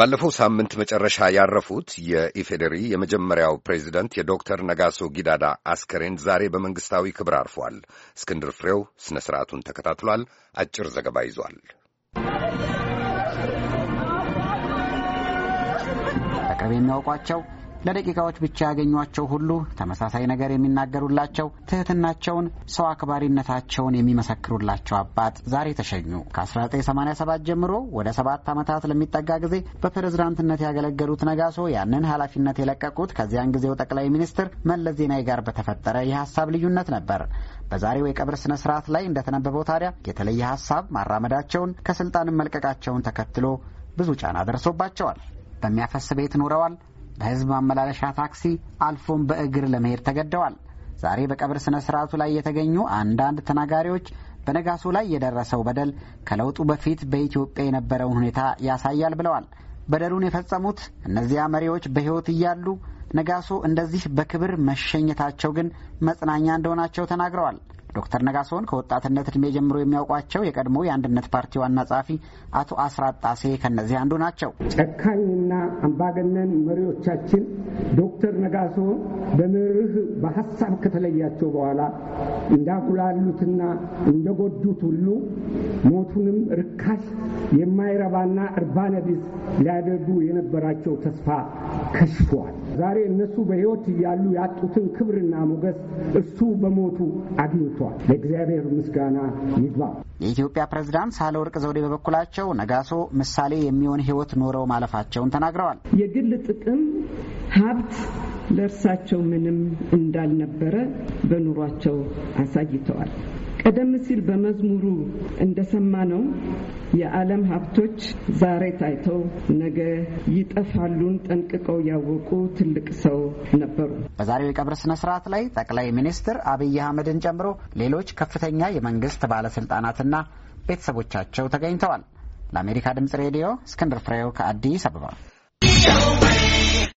ባለፈው ሳምንት መጨረሻ ያረፉት የኢፌዴሪ የመጀመሪያው ፕሬዚደንት የዶክተር ነጋሶ ጊዳዳ አስከሬን ዛሬ በመንግስታዊ ክብር አርፏል። እስክንድር ፍሬው ስነ ሥርዓቱን ተከታትሏል። አጭር ዘገባ ይዟል። አቀቤ እናውቋቸው ለደቂቃዎች ብቻ ያገኟቸው ሁሉ ተመሳሳይ ነገር የሚናገሩላቸው ትህትናቸውን፣ ሰው አክባሪነታቸውን የሚመሰክሩላቸው አባት ዛሬ ተሸኙ። ከ1987 ጀምሮ ወደ ሰባት ዓመታት ለሚጠጋ ጊዜ በፕሬዝዳንትነት ያገለገሉት ነጋሶ ያንን ኃላፊነት የለቀቁት ከዚያን ጊዜው ጠቅላይ ሚኒስትር መለስ ዜናዊ ጋር በተፈጠረ የሀሳብ ልዩነት ነበር። በዛሬው የቀብር ስነ ስርዓት ላይ እንደተነበበው ታዲያ የተለየ ሀሳብ ማራመዳቸውን ከስልጣንም መልቀቃቸውን ተከትሎ ብዙ ጫና ደርሶባቸዋል። በሚያፈስ ቤት ኖረዋል። በህዝብ ማመላለሻ ታክሲ አልፎም በእግር ለመሄድ ተገደዋል። ዛሬ በቀብር ስነ ስርዓቱ ላይ የተገኙ አንዳንድ ተናጋሪዎች በነጋሶ ላይ የደረሰው በደል ከለውጡ በፊት በኢትዮጵያ የነበረውን ሁኔታ ያሳያል ብለዋል። በደሉን የፈጸሙት እነዚያ መሪዎች በሕይወት እያሉ ነጋሶ እንደዚህ በክብር መሸኘታቸው ግን መጽናኛ እንደሆናቸው ተናግረዋል። ዶክተር ነጋሶን ከወጣትነት እድሜ ጀምሮ የሚያውቋቸው የቀድሞ የአንድነት ፓርቲ ዋና ጸሐፊ አቶ አስራት ጣሴ ከእነዚህ አንዱ ናቸው። ጨካኝና አምባገነን መሪዎቻችን ዶክተር ነጋሶ በመርህ በሀሳብ ከተለያቸው በኋላ እንዳጉላሉትና እንደጎዱት ሁሉ ሞቱንም ርካሽ የማይረባና እርባነቢስ ሊያደርጉ የነበራቸው ተስፋ ከሽፏል። ዛሬ እነሱ በሕይወት እያሉ ያጡትን ክብርና ሞገስ እሱ በሞቱ አግኝቷል። ለእግዚአብሔር ምስጋና ይግባ። የኢትዮጵያ ፕሬዝዳንት ሳህለወርቅ ዘውዴ በበኩላቸው ነጋሶ ምሳሌ የሚሆን ሕይወት ኖረው ማለፋቸውን ተናግረዋል። የግል ጥቅም ሀብት ለእርሳቸው ምንም እንዳልነበረ በኑሯቸው አሳይተዋል። ቀደም ሲል በመዝሙሩ እንደሰማነው የዓለም ሀብቶች ዛሬ ታይተው ነገ ይጠፋሉን ጠንቅቀው ያወቁ ትልቅ ሰው ነበሩ። በዛሬው የቀብር ስነ ስርዓት ላይ ጠቅላይ ሚኒስትር አብይ አህመድን ጨምሮ ሌሎች ከፍተኛ የመንግስት ባለስልጣናትና ቤተሰቦቻቸው ተገኝተዋል። ለአሜሪካ ድምጽ ሬዲዮ እስክንድር ፍሬው ከአዲስ አበባ